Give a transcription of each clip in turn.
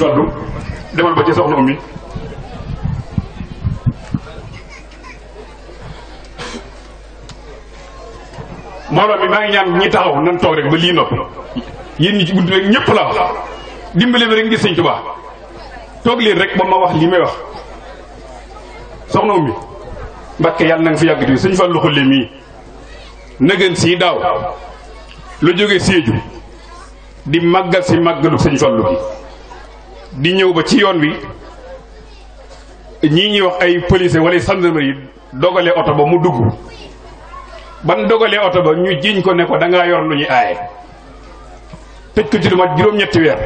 faddu demal ba ci soxna ummi mbooloo mi maa ngi ñaan ñi taxaw nan toog rek ba lii noppi yéen ñi ci buntu rek ñëpp la wax bi rek ngir sëñ Tuubaa toog leen rek ba ma wax li may wax soxna ummi Mbàkke yàlla na fi yàgg di sëñ Fallu Xulle mii nëgën sii daaw lu jóge Séeju di màggal si màggalu sëñ Fallu bi di ñëw ba ci yoon wi ñii ñuy wax ay police wala gendarmerie dogalee oto ba mu dugg ban dogalee oto ba ñu jiiñ ko ne ko danga ngaa yor lu ñuy aaye tëj ko ci lu mat juróom-ñetti weer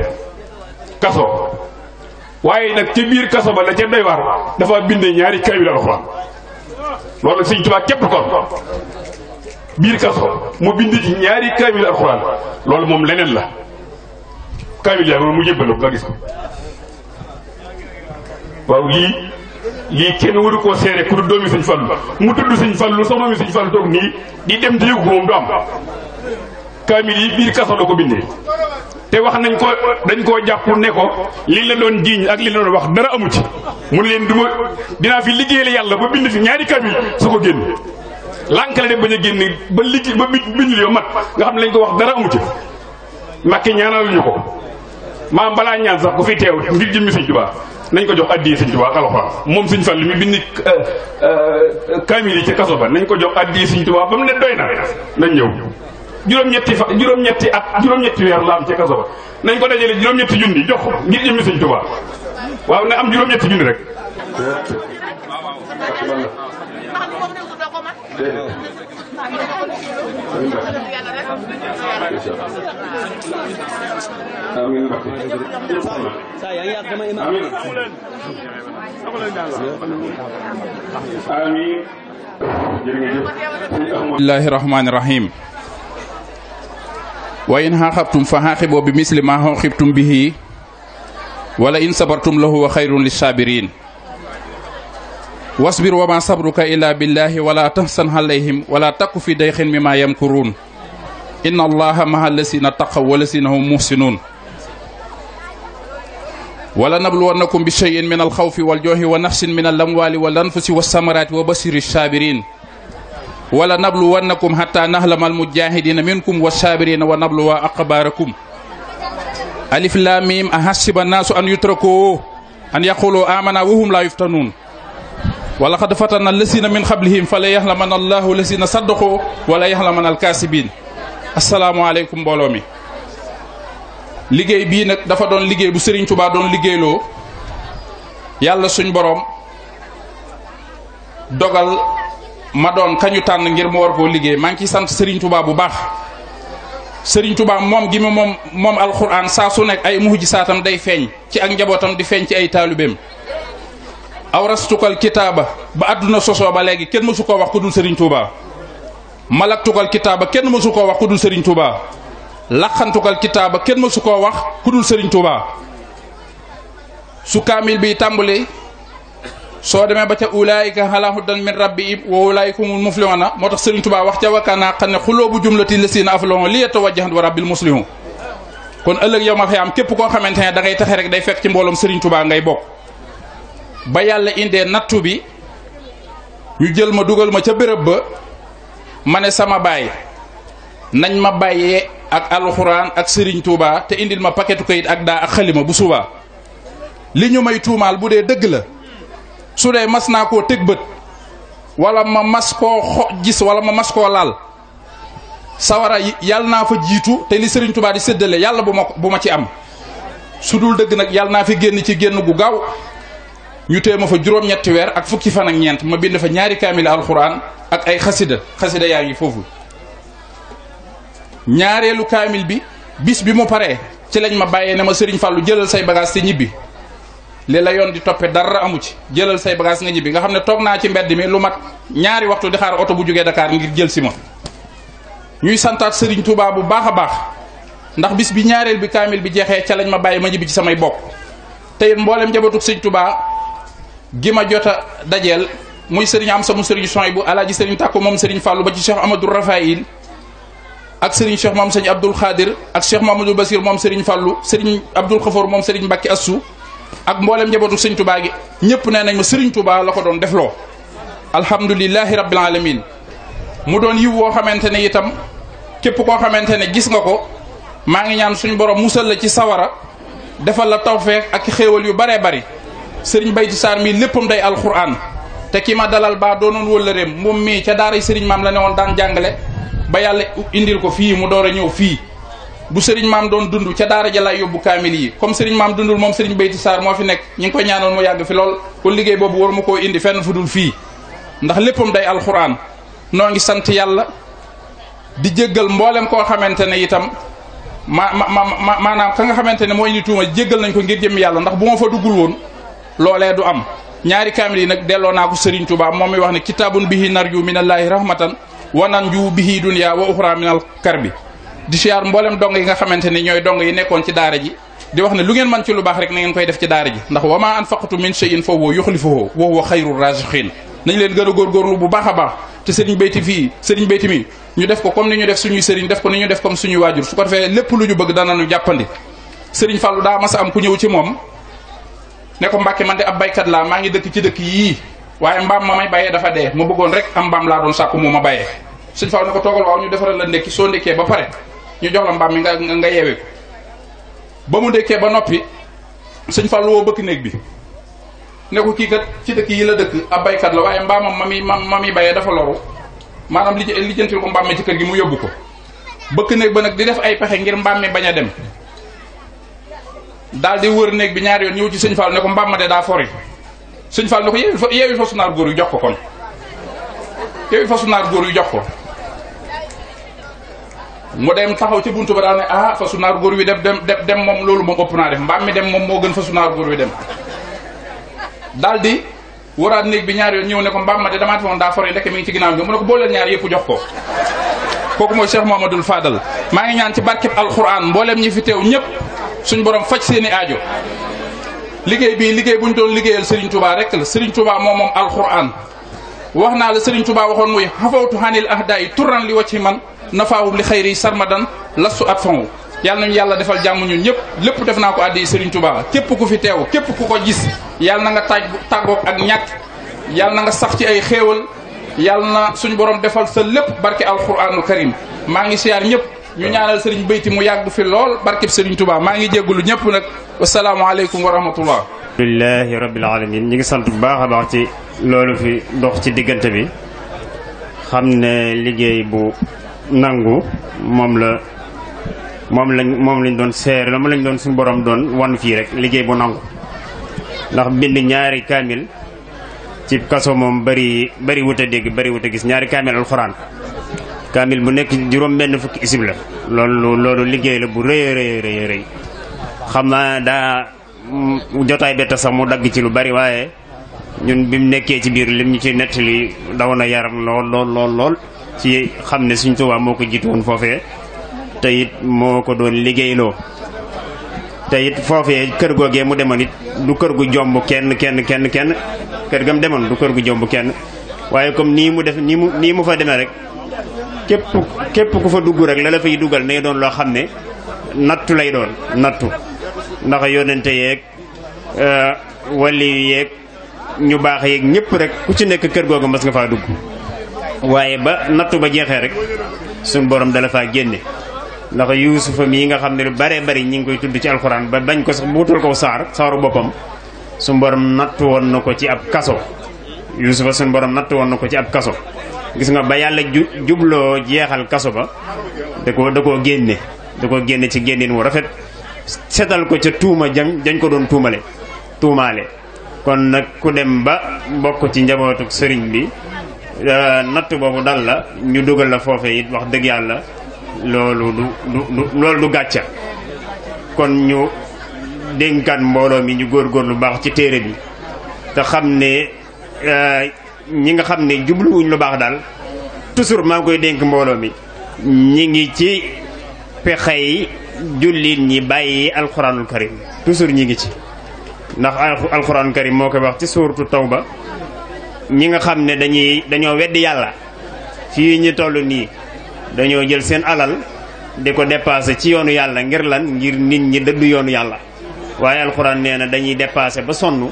kaso waaye nag ci biir kaso ba la ca doy dafa bind ñaari kaamil alxuraan loolu Sëñ Tuubaa képp kon biir kaso mu bind ci ñaari kaamil alxuraan loolu moom leneen la. kaamil yaa mu jébbaloo nga gis ko waaw lii lii kenn waru koo seere ku du doomi sëñ Fallu mu tudd sëñ Fallu sax doomi sëñ Fallu toog nii di dem di yëgu ko moom du am kaamil yi biir kaso la ko bindee te wax nañ ko dañ koo jàpp ne ko li la doon jiiñ ak li la doon wax dara amu ci mu ne leen du ma dinaa fi liggéeyal yàlla ba bind fi ñaari kaamil su ko génn lànkale de bañ a génn ba liggéey ba bind li mat nga xam ne lañ ko wax dara amu ci Mbàkke ñaanaluñu ko maam balaa ñaan sax ku fi teew ngir jëmmi sëñ Tuubaa nañ ko jox addiyee sëñ Tuubaa alxuraan moom sëñ Fall mi bind eh, eh, kaamil yi ca kaso ba nañ ko jox addiyee sëñ Tuubaa ba mu ne doy na nañ ñëw juróom-ñetti fa juróom-ñetti at juróom-ñetti weer la am ca nañ ko dajale juróom-ñetti junni jox ngir jëmmi sëñ Tuubaa waaw na am juróom-ñetti junni rek amiin Mbacke. amiin. jërëjëf. bismillahi rahmaani rahim. wa in xaaxabtum fa xaaxiboo bi misli ma xooxibtum bihi wala in sabartum la huwa xayrun lisaabirin wasbir wa ma sabruka illa billahi wala tahsan alayhim wala takku fi dayxin mimma yamkurun inna allaha maha lasina taqaw wa lasina hum muhsinun wala nabluwannakum bi cheyin min alxawfi waljooxi wa nafsin min alamwaali wal anfusi wasamaraati wa basiri saabiriin wala nabluwannakum xata naxlama almujahidina minkum wasaabirina wa nabluwa aqbaarakum alif laam miim ahasiba naasu an yutrakoo an yaqulu amana wahum la yuftanuun wala xad fatana lasina min qablihim fala yaxlamana allahu lasina saddaqoo wala yaxlamana alkaasibiin asalaamualeykum mbooloo mi liggéey bii nag dafa doon liggéey bu sëriñ Touba doon liggéeyloo yàlla suñ boroom dogal ma doon kañu tànn ngir mu war koo liggéey maa ngi ciy sant Serigne Touba bu baax sëriñ Touba moom gi ma moom moom alxuraan saa su nekk ay muhjisaatam day feeñ ci ak njabootam di feeñ ci ay taalibeem awrastukal kitaaba ba àdduna sosoo ba léegi kenn mësu koo wax ku dul Serigne Touba malaktukal kitaaba kenn mësu koo wax ku dul Serigne Touba. laqantukal kitaaba kenn mësu koo wax ku dul sëriñ Touba su kaamil bi tàmbali soo demee ba ca ulaayika alaa hudan min rabbihim wa ulaayika humul muflihuna moo tax sëriñ Touba wax ca wakkaanaa xam ne xuloobu jumlati lasiina aflaxu li yatawajjahan wa rabbil muslihu kon ëllëg yow képp koo xamante ne da ngay taxe rek day fekk ci mbooloom sëriñ Touba ngay bokk ba yàlla indee nattu bi ñu jël ma dugal ma ca béréb ba ma ne sama baay nañ ma bàyyee ak alxuraan ak sëriñ tuubaa te indil ma paketu kayit ak daa ak xalima bu subaa li ñu may tuumaal bu dee dëgg la su dee mas naa koo teg bët wala ma mas koo xo gis wala ma mas koo laal sawara yàlla naa fa jiitu te li Serigne Touba di séddale yàlla bu ma bu ma ci am su dul dëgg nag yàlla naa fi génn ci génn gu gaaw ñu tée ma fa juróom-ñetti weer ak fukki fan ñeent ma bind fa ñaari kaamil alxuraan ak ay xasida xasida yaa ngi foofu ñaareelu kaamil bi bis bi mu paree ci lañ ma bàyyee ne ma sëriñ fàllu jëlal say bagage te ñibbi li la yoon di toppe dara amu ci jëlal say bagage nga ñibbi nga xam ne toog naa ci mbedd mi lu mat ñaari waxtu di xaar oto bu jógee Dakar ngir jël si ma ñuy santaat sëriñ tubaa bu baax a baax ndax bis bi ñaareel bi kaamil bi jeexee ca lañ ma bàyyi ma ñibbi ci samay bopp te it njabatu jabatug sëriñ Touba gi ma jot a dajeel muy sëriñ am samu sëriñ Soy bu alaaji sëriñ Tàkko moom sëriñ Fàllu ba ci Cheikh Amadou ak Serigne Cheikh moom sëñ Abdoul Khadir ak Cheikh Mamadou Basir moom Serigne Fallou Serigne Abdoul Khafour moom Serigne Mbacke Assou ak mboolem njabootu sëñ Touba gi ñëpp nee nañ ma Serigne Touba la ko doon defloo. alhamdulilahi rabbil alamin mu doon yiw woo xamante ne itam képp koo xamante ne gis nga ko maa ngi ñaan suñu borom musal la ci sawara defal la tawfeex ak xéewal yu baree bari Serigne Bayti Sarr mi léppam day alquran. te ki ma dalal baa doonoon wëllëreem moom mii ca daara sëriñ maam la ne woon daan jàngale ba yàlla indil ko fii mu door a ñëw fii bu sëriñ maam doon dund ca daara ja yóbbu kaamil yi comme sëriñ maam dundul moom sëriñ Bayti Sarr moo fi nekk ñi ngi koy ñaanal mu yàgg fi lool kon liggéey boobu war ma koo indi fenn fu dul fii ndax léppam day alxuraan noo ngi sant yàlla di jéggal mboolem koo xamante ne itam ma ma ma maanaam ka nga xamante ne moo indi tuuma jéggal nañ ko ngir jëm yàlla ndax bu fa duggul woon loolee du am ñaari kaamil yi nag delloo naa ko Serigne Touba moom mi wax ne kitaabun bihi narju minallaahi rahmatan wa nanju bihi dunya wa uxra minal karbi di siyaar mboolem dong yi nga xamante ni ñooy dong yi nekkoon ci daara ji di wax ne lu ngeen mën ci lu baax rek na ngeen koy def ci daara ji ndax wa ma anfaqtu min shay'in fa huwa yuxlifuhu wa huwa xayrur raziqin nañ leen gën a góorgóorlu bu baax a baax te sëriñ béyti fii sëriñ béyti mi ñu def ko comme ni ñu def suñuy sëriñ def ko ñu def comme suñuy waajur lépp lu ñu bëgg danañu jàppandi sëriñ Fallou a am ku moom ne ko Mbàkke man de ab baykat laa maa ngi dëkk ci dëkk yii waaye mbaam ma may bayee dafa dee ma bëggoon rek am mbaam laa doon sàkku mu ma bayee suñ faaw ne ko toogal waaw ñu defaral la ndekki soo ndekkee ba pare ñu jox la mbaam mi nga nga yeewe ko ba mu ndekkee ba noppi suñ faaw woo bëkk néeg bi ne ko kii kat ci dëkk yi la dëkk ab baykat la waaye mbaamam ma mi ma mi bayee dafa loru maanaam li lijjantil ko mbaam mi ci kër gi mu yóbbu ko bëkk néeg ba nag di def ay pexe ngir mbaam mi bañ a dem daal di wër néeg bi ñaari yoon ñëw sëñ Fall ne ko mbaam ma de daa fori sëñ Fall ne ko fa góor yu jox ko kon yeewi góor yu jox ko mu dem taxaw ci buntu ba daal ne ah fa sunaar góor wi dem dem dem moom loolu moom ëpp naa def mi dem moom moo gën fa sunaar góor wi di waraat néeg bi ñaari yoon ñëw ne ko mbaam ma de damaa defoon daa fori lekk mi ngi ci ginnaaw bi mu ne ko booleel ñaar yëpp jox ko kooku mooy Cheikh Mouhamadoul Fadal maa ngi ñaan ci barkeb alquran mboolem ñi fi teew ñëpp suñ borom faj seeni aajo liggéey bii liggéey bu ñu doon liggéeyal Serigne Touba rek la Serigne Touba moom moom alquran wax naa la sëriñ Touba waxoon muy xafawtu xanil ahda yi turan li wacci man nafaawum li xayri sarmadan lastu at fanwu yàlla nañu yàlla defal jàmm ñun ñëpp lépp def naa ko àddi Serigne Touba képp ku fi teew képp ku ko gis yàlla na nga tàj tàggoog ak ñàkk yàlla na nga sax ci ay xéewal yàlla na suñu borom defal sa lépp barke alquranu karim maa ngi siyaar ñëpp ñu ñaanal sëriñ bayti mu yàgg fi lool barkeb sëriñ Touba maa ngi jéggulu ñëpp nag wasalaamaaleykum wa rahmatullah alhamdulilahi rabbil alamin ñi ngi sant bu baax a baax ci loolu fi dox ci diggante bi xam ne liggéey bu nangu moom la moom lañ moom lañ doon seer moom lañ doon suñu boroom doon wan fii rek liggéey bu nangu ndax bind ñaari kaamil ci kaso moom bari bari wut a dégg bari wut a gis ñaari kaamil alxuraan kaamil bu nekk juróom benn fukki isib la loolu loolu liggéey la bu rëy rëy rëy rëy xam naa daa mm, jotaay betta sax mu dagg ci lu bari waaye ñun bi mu nekkee ci biir lim ñu ci nettali daw na yaram lool lool lool ci xam ne suñ Tuubaa moo ko jiitu woon foofee tey it moo ko doon liggéeyloo te it foofee kër googee mu demoon it du kër gu jomb kenn kenn kenn kenn kër gam demoon du kër gu jomb kenn waaye comme nii mu def nii mu nii mu fa demee rek képp képp ku fa dugg rek la la dugal nay doon loo xam ne nattu lay doon nattu ndax yonente yeeg euh, wali yeeg ñu baax yeeg ñëpp rek ku ci nekk kër googu mas nga faa dugg waaye ba nattu ba jeexee rek suñ borom dala faa génne ndax yuusufa mii nga xam ne lu bare bari ñi ngi koy tudd ci alxuraan ba bañ ko sax buutal ko saar saaru boppam suñ borom nattu woon na ko ci ab kaso yuusufa suñ borom nattu woon na ko ci ab kaso gis nga ba yàlla ju jubloo jeexal kaso ba da ko da koo génne da ko génne ci génnin wu rafet setal ko ca tuuma jam jañ ko doon tuumale tuumaale kon nag ku dem ba mbokk ci njabootu sëriñ bi euh, natt boobu dal la ñu dugal la foofe it wax dëgg yàlla loolu du du loolu du gàcca kon ñu dénkaat mbooloo mi ñu lu baax ci téere bi te xam ne euh, ñi nga xam ne jubluwuñ lu baax daal toujours maa ngi koy dénk mbooloo mi ñi ngi ci pexey jullit ñi bàyyi alxuraanul karim toujours ñi ngi ci ndax alxuraanul karim moo koy wax ci suuratu ba ñi nga xam ne dañuy dañoo wedd yàlla fii ñu toll nii dañoo jël seen alal di ko dépassé ci yoonu yàlla ngir lan ngir nit ñi dëddu yoonu yàlla waaye alxuraan nee na dañuy dépassé ba sonn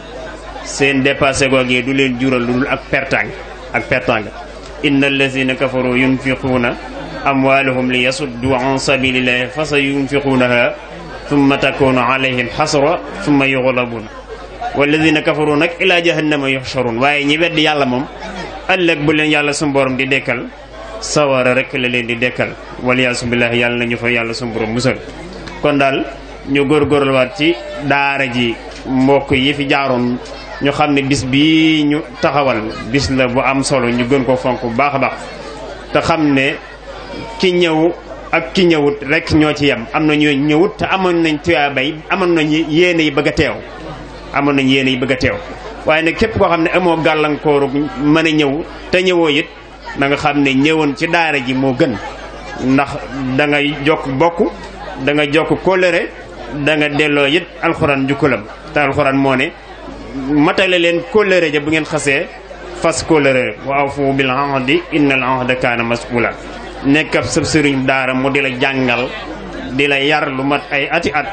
seen dépassé googee du leen jural lu dul ak pertang ak pertang inna allazina kafaru yunfiquuna amwaalahum li yasuddu an sabilillahi fa sa yunfiquunaha thumma takunu alayhim xasra thumma yuxlabuuna walladina kafaru nag ilaa jahannama yuxsharun waaye ñi weddi yàlla moom ëllëg bu leen yàlla suñu di dekkal sawara rek la leen di dekkal waliyaasu billaahi yàlla nañu fa yàlla suñu borom musal kon daal ñu góorgóorluwaat ci daara ji mbokk yi fi ñu xam ne bis bii ñu taxawal bis la bu am solo ñu gën ko fonk bu baax a baax te xam ne ki ñëw ak ki ñëwut rek ñoo ci yem am na ñoo ñëwut te amoon nañ tuyaabay amoon nañu yéene yi bëgg a teew amoon nañ yéene yi bëgg a teew waaye nag képp koo xam ne amoo gàllankooru mën a ñëw te ñëwoo it danga xam ne ñëwoon ci daara ji moo gën ndax da jokk bokk danga jokk kóllëre da delloo it alxuraan jukkalam te alxuraan moo ne matale leen kóllëre ja bu ngeen xasee fas kóllëre wa awfu bil ahdi innal ahda kaana mas'uula nekk ab sëb sëriñ daara mu di la jàngal di la yar lu mat ay ati at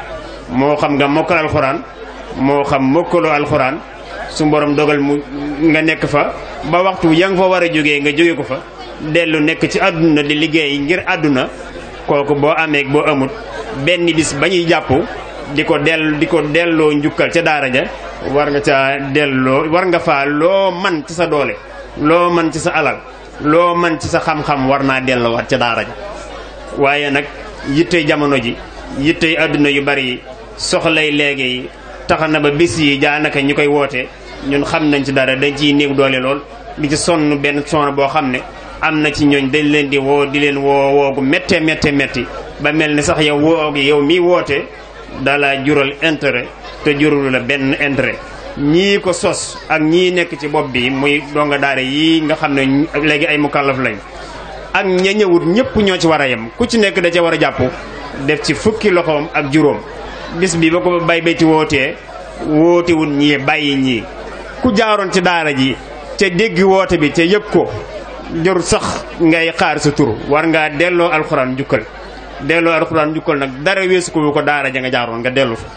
moo xam nga mokkal alxuraan moo xam mokkaloo alxuraan su borom dogal mu nga nekk fa ba waxtu ya nga fa war a jógee nga jóge ko fa dellu nekk ci àdduna di liggéey ngir àdduna kooku boo amee boo amut benn bis ba ñuy jàpp di ko dellu di ko delloo njukkal ca daara ja war nga caa delloo war nga fa loo man ci sa doole loo man ci sa alal loo man ci sa xam-xam war naa delloowaat ca daara ji waaye nag yittey jamono ji yittey àdduna yu bari yi soxlay léegi yi tax na ba bis yi jaanaka ñi koy woote ñun xam nañ ci dara dañ ciy néeg doole lool di ci sonn benn sonn boo xam ne am na ci ñooñ dañ leen di woo di leen woo woogu métte métte métti ba mel ni sax yow woo gi yow miy woote dala jural intérêt te jurul la benn intérêt ñii ko sos ak ñii nekk ci bopp bi muy donga daara yii nga xam ne léegi ay mukallaf lañ ak ña ñëwut ñëpp ñoo ci war a yem ku ci nekk da ca war a jàpp def ci fukki loxoom ak juróom bis bi ba ko bay béti wootee wootewut ñii bàyyi ñii ku jaaroon ci daara ji ca dégg woote bi te yëpp ko jor sax ngay xaar sa tur war ngaa delloo alxuraan jukkal delloo alxuraan jukkal nag dara weesu ko ko daara ja nga jaaroon nga dellu fa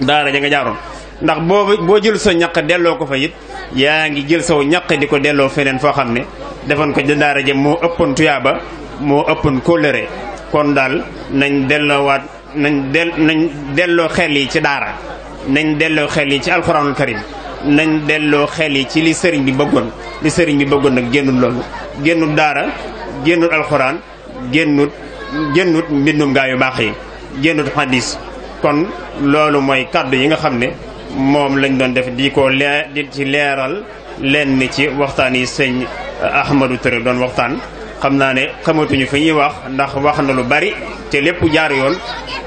daara ja nga jaaroon ndax boo boo jël sa ñaq delloo ko fa it yaa ngi jël saw ñaq di ko delloo feneen foo xam ne defoon ko daara ja moo ëppoon tuyaaba moo ëppoon kolere kon daal nañ delloowaat nañ nañ delloo xel yi ci daara nañ delloo xel yi ci alxuraanul karim nañ delloo xel yi ci li sëriñ bi bëggoon li sëriñ bi bëggoon nag génnul loolu génnul daara génnul alxuraan génnut génnut mbindum gaa yu baax yi génnut xadis kon loolu mooy kàddu yi nga xam ne moom lañ doon def di ko leer di ci leeral lenn ci waxtaan yi sëñ Ahmadou Touré doon waxtaan xam naa ne xamatuñu fi ñuy wax ndax wax na lu bari te lépp jaar yoon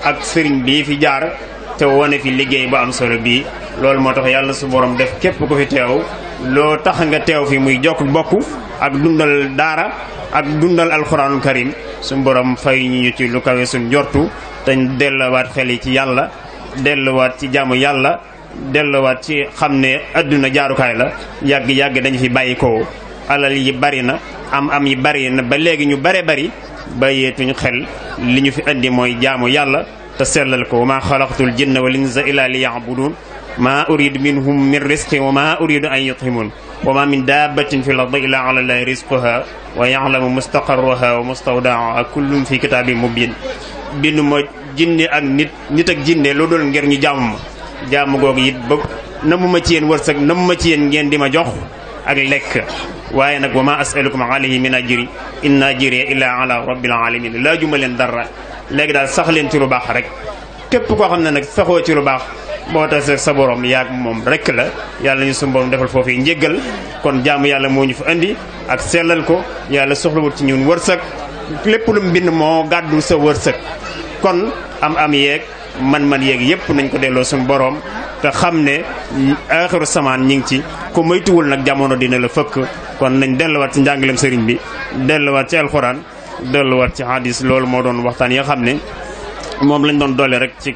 ak sëriñ bii fi jaar te wone fi liggéey ba am solo bii loolu moo tax yàlla su borom def képp ku fi teew loo tax nga teew fi muy jokk bokk ak dundal daara ak dundal alxuraanul karim su borom fay ñu ci lu kawe suñ jortu te delluwaat xel yi ci yàlla delluwaat ci jaamu yàlla delluwaat ci xam ne adduna jaarukaay la yàgg yàgg dañ fi bàyyi ko alal yi bari na am am yi bari na ba léegi ñu bare bari bàyyeetuñ xel li ñu fi indi mooy jaamu yàlla te sellal ko ma xalaqtul jinna wal insa illa liya'budun ma uridu minhum min risqin wa ma uridu an yut'imun wa ma min dabbatin fil ardi illa ala rizquha wa ya'lamu mustaqarraha wa mustawda'aha kullun fi kitabin mubin binduma jinne ak nit nit ak jinne lu dul ngir ñu jàmm ma jaamu googu it ba namu ma ci yéen wërsëg namu ma ci yéen ngeen di ma jox ak lekk waaye nag wa ma asalukum alayhi min ajri in ajriya illa ala rabbil alamin laa juma leen dara léegi daal saxleen ci lu baax rek tépp koo xam ne nag saxoo ci lu baax moo tax sa borom yaag moom rek la yàlla ñu suñu borom defal foofu yi njéggal kon jaamu yàlla moo ñu fa indi ak sellal ko yàlla soxlawut ci ñun wërsëg lépp lu mbind moo gàddu sa wërsëg kon am am yéeg man-man yeeg yépp nañ ko delloo suñu boroom te xam ne aaxiru samaan ñi ngi ci ku moytuwul nag jamono dina la fëkk kon nañ delluwaat ci njàngaleem sëriñ bi delluwaat ci alxuraan delluwaat ci hadis loolu moo doon waxtaan yi nga xam ne moom lañ doon doole rek ci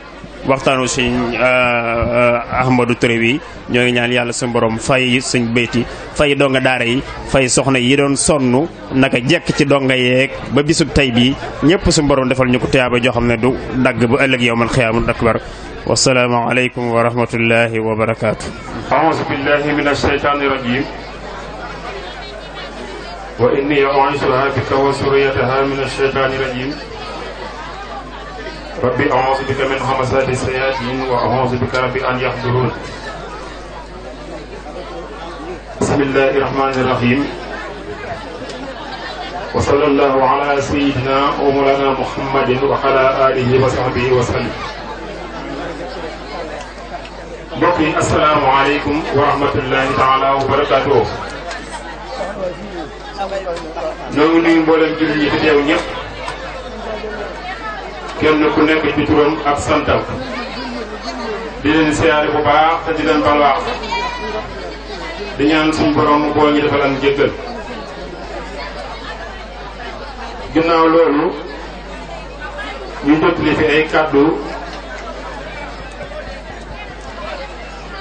waxtaanu sëñ euh, euh, Ahmadou Touré wi ñoo ñaan yàlla suñu borom fay suñ béyti fay donga daara yi fay soxna yi doon sonn naka jekk ci donga yeeg ba bisub tey bii ñëpp suñu borom defal ñu ko tiyaaba joo xam ne du dagg bu ëllëg yow man xiyaamul akbar wasalaamu aleykum wa rahmatullahi wa barakaatu aouzu billahi min asheytaani rajim wa rabbi a'uuzu bika min hamazaati sayaatiin wa a'uuzu bika rabbi an yahduruun bismillaahi rahmaani rahiim wa sallallahu ala sayyidina wa mawlaana muhammadin wa ala aalihi wa sahbihi wa sallim mbokk yi asalaamu aleykum wa rahmatullahi taala wa barakaatuh ñoo ngi nuyu mboolem jullit yi fi teew ñëpp kenn ku nekk ci turam ak santam di leen siyaare bu baax te di leen balwaax di ñaan suñu borom mu bool ñu defal ak jéggal ginnaaw loolu ñu jottali fi ay kàddu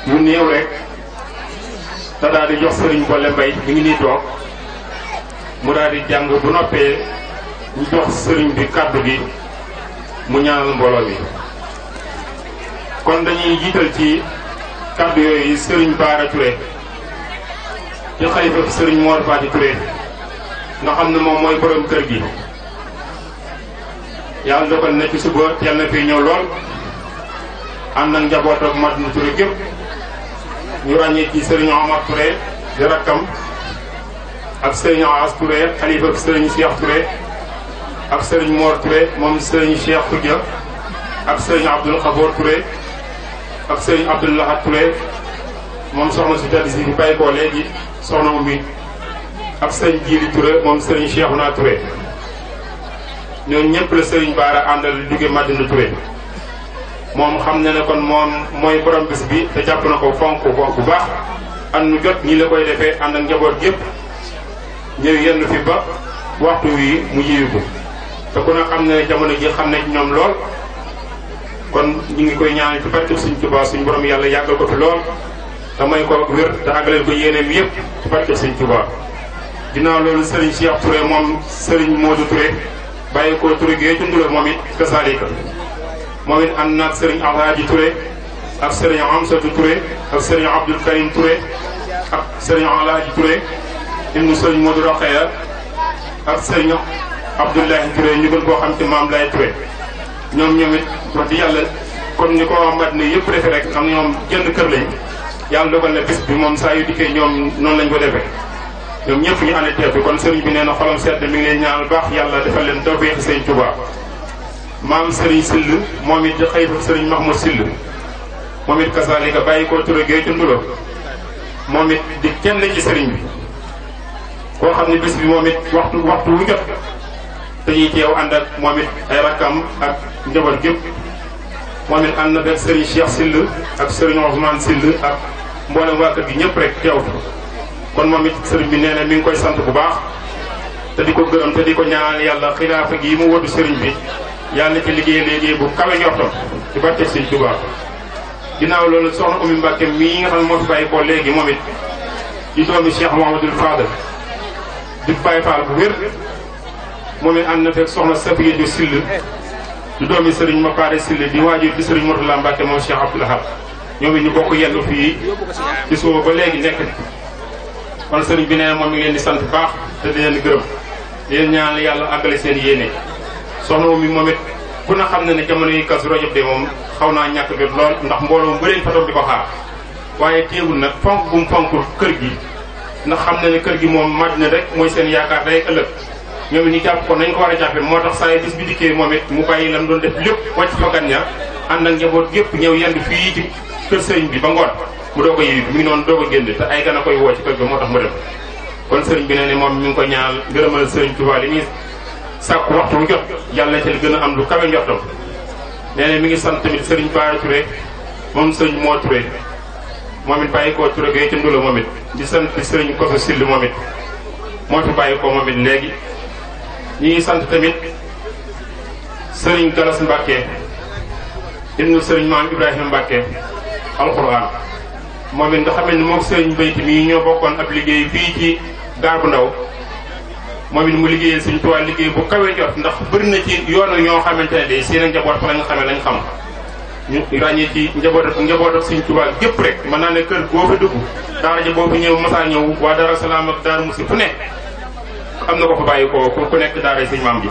yu néew rek te daal di jox sëriñ Bolle Mbaye mi ngi nii mu daal di jàng bu noppee jox sëriñ bi kàddu gi mu ñaanal mbooloo mi kon dañuy jiital ci kàddu yooyu sëriñ Baara Touré ci xalifa sëriñ Mor Fati Touré nga xam ne moom mooy borom kër gi yàlla dogal na ci suba teel na fii ñëw lool am na njaboot ak Madina Touré gépp ñu ràññee ci sëriñ Omar Touré di rakkam ak sëriñ As Touré xalifa sëriñ Cheikh Touré ab sëriñ Mor Touré moom sëriñ Cheikh Khoudia ak sëriñ Abdoul Khafour Touré ak sëriñ Abdoul Lahad Touré moom soxna si tedd si bi bàyyi ko soxna mu bi ak sëriñ Djili Touré moom sëriñ Cheikhouna Touré ñooñu ñëpp la sëriñ Baara àndal jóge Madina Touré moom xam na ne kon moom mooy borom bis bi te jàpp na ko fonk ko bu baax an nu jot ñi la koy defee ànd njaboot gépp ñëw yenn fi ba waxtu wi mu jiwi te ku ne xam ne jamono ji xam nañ ñoom lool kon ñu ngi koy ñaanal ci barke suñ Tuubaa suñ borom yàlla yàggal ko fi lool te may ko wér te àggaleel ko yéeneem yëpp ci barke suñ Tuubaa ginnaaw loolu Serigne Cheikh Touré moom Serigne Modou Touré bàyyi ko Touré gee ci Ndoulo moom it kasaalika moom it ànd naag Serigne Alhaji Touré ak Serigne Amsatou Touré ak Serigne Abdoul Karim Touré ak Serigne Alhaji Touré ibnu Serigne Modou Rokhaya ak Serigne Abdoulaye Touré ñu gën koo xam ci maam Laye Touré ñoom ñoom it wax dëgg yàlla comme ni ko mat ne yëpp defee rek am ñoom jënd kër lañ yàlla dogal na bis bi moom saa yu dikkee ñoom noonu lañ ko defee ñoom ñëpp ñu ànd teew bi kon sëriñ bi nee na xolam sedd leen ñaanal baax yàlla defal leen tawfeexi sëriñ Sill moom it di xëyfa sëriñ Mahmoud Sill moom it kasaalika bàyyi koo Touré géej tundulo moom it di kenn ci sëriñ bi koo xam ne bis bi moom it waxtu waxtu wu jot dañuy teew ànd ak moom it ay rakkam ak njaboot gépp moom it ànd na ak sëriñ Cheikh Sill ak sëriñ Ousmane Sill ak mboolem waa gi ñëpp rek teew kon moom it sëriñ bi nee na mi ngi koy sant bu baax te di ko gërëm te di ko ñaanal yàlla xilaafa gi mu wóotu sëriñ bi yàlla na ci liggéey liggéey bu kawe njortam ci barke Sëriñ Tuubaa ginnaaw loolu soxna Oumy Mbacke mii xam ne moo fi bàyyi ko léegi moom di doomi Cheikh Mouhamadoul Fadal di bàyyi faal bu wér moom it ànd na fekk soxna Safiya Jóob Sill du doomi sëriñ Mapaare Sill di waajur di sëriñ Murtala Mbàkke moom Cheikh Abdou Lahad ñoom it ñu bokk yenn fii ci suba ba léegi nekk kon sëriñ bi nee moom mi ngi leen di sant baax te di leen gërëm di leen ñaan yàlla àggale seen yéene soxna moom mi moom it ku na xam na ni jamono yi Kazu Rajab de moom xaw naa ñàkk bi lool ndax mbooloo bu leen fa toog di ko xaar waaye téewul nag fonk bu mu kër gi ndax xam ne ne kër gi moom màgg na rek mooy seen yaakaar day ëllëg ñoom it ñu jàpp ko nañ ko war a jàppee moo tax saa yu bis bi dikkee moom it mu bàyyi lam doon def lépp wàcc fa gan ña ànd ak njaboot gépp ñëw yendu fii ci kër sëriñ bi ba ngoon mu doog a yëwi mu ngi noonu doog a génn te ay gan a koy woo ci kër ga moo tax mu dem kon sëriñ bi ne ne moom mi ngi ko ñaal ngërëmal sëriñ Tuubaa li muy sàkku waxtu wu jot yàlla ca gën a am lu kawe njortam nee na mi ngi sant tamit sëriñ Bara Touré moom sëriñ moo Touré moom it koo Touré gay ca di sant sëriñ Koso Sill moom it moo fi koo moom léegi ñi ngi sant tamit sëriñ Galas Mbàkke ibnu sëriñ maam Ibrahima Mbàkke alquran moom it nga xam ne moo sëriñ bayti mi ñoo bokkoon ab liggéey fii ci gaar bu ndaw moom it mu liggéeyal suñ tuwaa liggéey bu kawee ndax bëri na ci yoonu ñoo xamante ne day seen njaboot fa lañ xamee lañ xam ñu ràññee ci njaboot njaboot ak suñ tubaab gépp rek mën naa ne kër goo fi dugg daara ja boo fi ñëw masaa ñëw waa Daaru Salaam ak Daaru fu ne am na ko fa bàyyi ko ku nekk daaray sëñ maam ji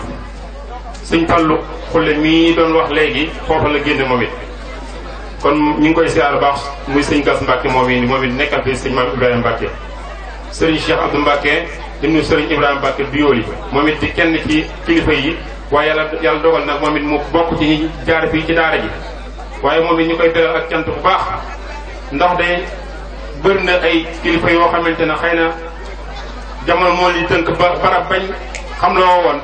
sëñ Fàllu xulle mii doon wax léegi foofa la génne moom kon ñu ngi koy siyaar baax muy sëñ Gas Mbàkke moom it moom it nekkal fi sëñ maam Ibrahima Mbàkke sëriñ Cheikh Abdou Mbàkke dimnu sëriñ Ibrahima Mbàkke Biyooli moom it di kenn ci kilifa yi waaye yàlla yàlla dogal nag moom it mu bokk ci ñi jaar fii ci daara ji waaye moom it ñu koy beral ak cant bu baax ndax day bëri ay kilifa yoo xamante ne xëy na jamono moo li tënk ba barab bañ xam la woon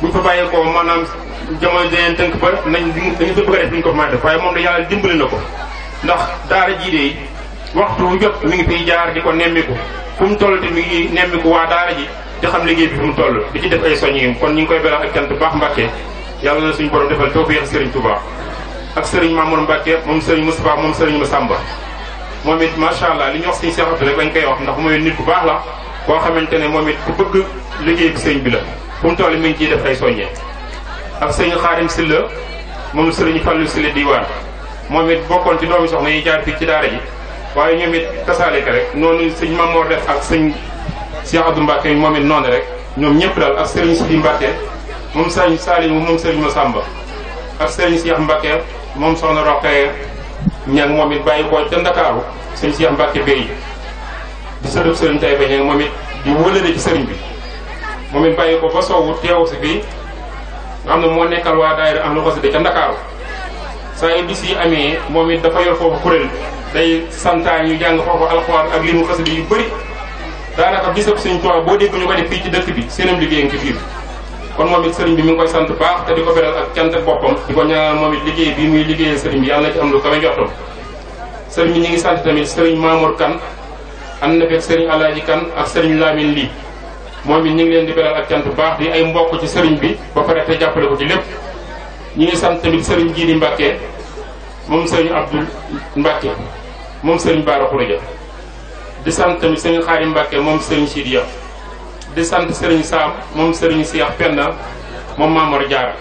bu ñu fa bàyyeekoo maanaam jamono dañeen tënk ba nañ dañu fa bëgg a def ko mën def waaye moom da yàlla dimbali na ko ndax daara jii de waxtu wu jot ngi fi jaar di ko nemmiku fu mu toll te mi ngi nemmiku waa daara ji di xam liggéey bi fu mu toll di ci def ay soñ soññi kon ñu ngi koy beral ak cant baax Mbàkke yàlla na suñu borom defal tawfeex Serigne Touba ak Serigne Mamour Mbacke moom Serigne Moustapha moom Serigne Massamba moom it macha allah li ñu wax suñu seexatu rek dañ koy wax ndax mooy nit ku baax la koo xamante ne moom it ku bëgg liggéey bi sëñ bi la fu mu toll mi ngi ciy def ay soññe ak sëñ xaarim silla moom sëriñ fàllu silla diwaan moom it bokkoon ci doomi soxna yi jaar fii ci daara ji waaye ñoom it tasaale ka rek noonu sëñ Mamoor def ak sëñ Cheikh Abdou Mbacke moom it noonu rek ñoom ñëpp daal ak sëriñ Sidi Mbacke moom sëriñ Salim moom sëriñ Masamba ak sëriñ Cheikh Mbacke moom soxna Roqee ñag moom it bàyyi ko ca Ndakaaru sëñ Cheikh Mbacke di sërëb sëriñ tay ba ñeeng moom it di wëlëre ci sëriñ bi moom it bàyyi ko ba soowu teew si fii nga xam ne moo nekkal waa daayira am lu xasida ca yu bis yi amee moom it dafa yor kuréel day santaan jàng foofu alxuraan ak limu xasida yu bëri daanaka bisab sëriñ Tuubaa boo dégg ñu ko def fii ci dëkk bi seenam liggéey ngi ci biir kon moom it sëriñ bi mi ngi koy sant baax te di ko beral ak cant boppam di ko ñaanal moom it liggéey bi muy liggéeyee sëriñ bi yàlla na ci am lu kawe njortam sëriñ bi ñu ngi sant tamit sëriñ Mamour Kane am na fekk sëriñ Alaaji Kan ak sëriñ Laamin lii moom it ñu ngi leen di beral ak cant bu baax di ay mbokk ci sëriñ bi ba pare te jàppale ko ci lépp ñu ngi sant tamit sëriñ Jiiri Mbàkke moom sëriñ Abdul Mbàkke moom sëriñ Baara Xuruja di sant tamit sëriñ Xaari Mbàkke moom sëriñ Sidiya di sant sëriñ Saam moom sëriñ Seex Penna moom Maamor Jaara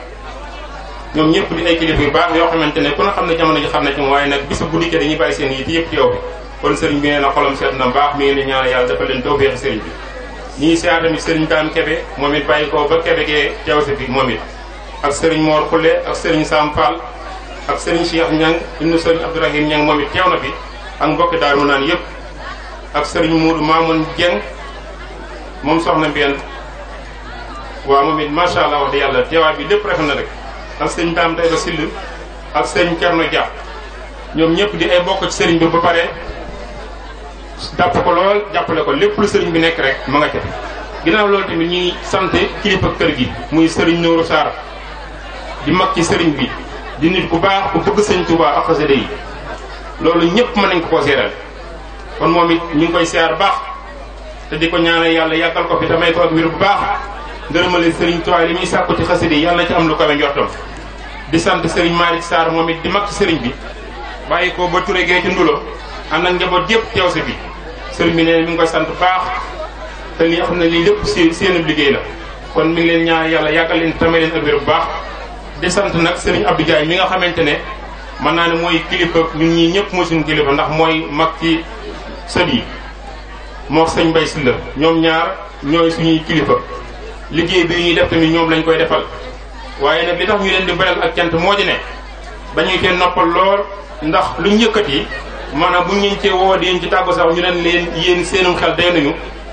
ñoom ñëpp di ay kilifa yu baax yoo xamante ne ku ne xam ne jamono ji xam na ci moom waaye nag bisu bu seen yi yëpp yow kon seriñ bi nee na xolam seet na mbaax mi ngi ne yàlla dafa leen tawfeex sëriñ bi ñii siyaar tamit sëriñ Dame Kébé moom it bàyyi ko ba Kébé gee teew si fi moom it ak sëriñ Mor Xulle ak sëriñ Sam Fall ak sëriñ Cheikh Ñang ibnu sëriñ Abdourahim Ñang moom it teew na fi ak mbokk daal mu naan yëpp ak sëriñ Moudou Mamoun Dieng moom soxna Mbène waaw moom it macha wax dëgg yàlla teewaay bi lépp rafet na rek ak sëriñ Dame Taïba Sill ak sëriñ Thierno Dia ñoom ñëpp di ay bokk ci sëriñ bi ba pare jàpp ko lool jàppale ko lépp lu sëriñ bi nekk rek ma nga ca lool loolu tamit ñuy sant kilifa kër gi muy sëriñ Nourou Sarr di mag ci sëriñ bi di nit ku baax ku bëgg sëñ Touba ak xasida yi loolu ñëpp mën nañ ko koo seeral kon moom it ñu ngi koy seer baax te di ko ñaanal yàlla yàggal ko fi damay ko ak mbir bu baax ngërëmale sëriñ Touba li muy sàkku ci xasida yi yàlla ci am lu kawe njortam di sant sëriñ Malick Sarr moom it di mag ci sëriñ bi bàyyi ko ba Touré gee ci ndulo ànd ak njaboot bi sëriñ bi nee mi ngi koy sant baax te li xam na lii lépp seen seenub liggéey la kon mi ngi leen ñaan yàlla yàggal leen tamay leen ak wér bu baax di sant nag sëriñ Abdou jaay mi nga xamante ne mën naa ne mooy kilifa ñun ñii ñëpp mooy suñu kilifa ndax mooy mag ci sët moo sëñ Mbay Sylla ñoom ñaar ñooy suñuy kilifa liggéey bi ñuy def tamit ñoom lañ koy defal waaye nag bi tax ñu leen di beral ak jant moo di ne ba ñuy teen noppal lool ndax lu luñ yëkkat yi maanaam bu ngeen cee woo di ngeen ci tàggu sax ñu ne leen yéen seenum xel day nañu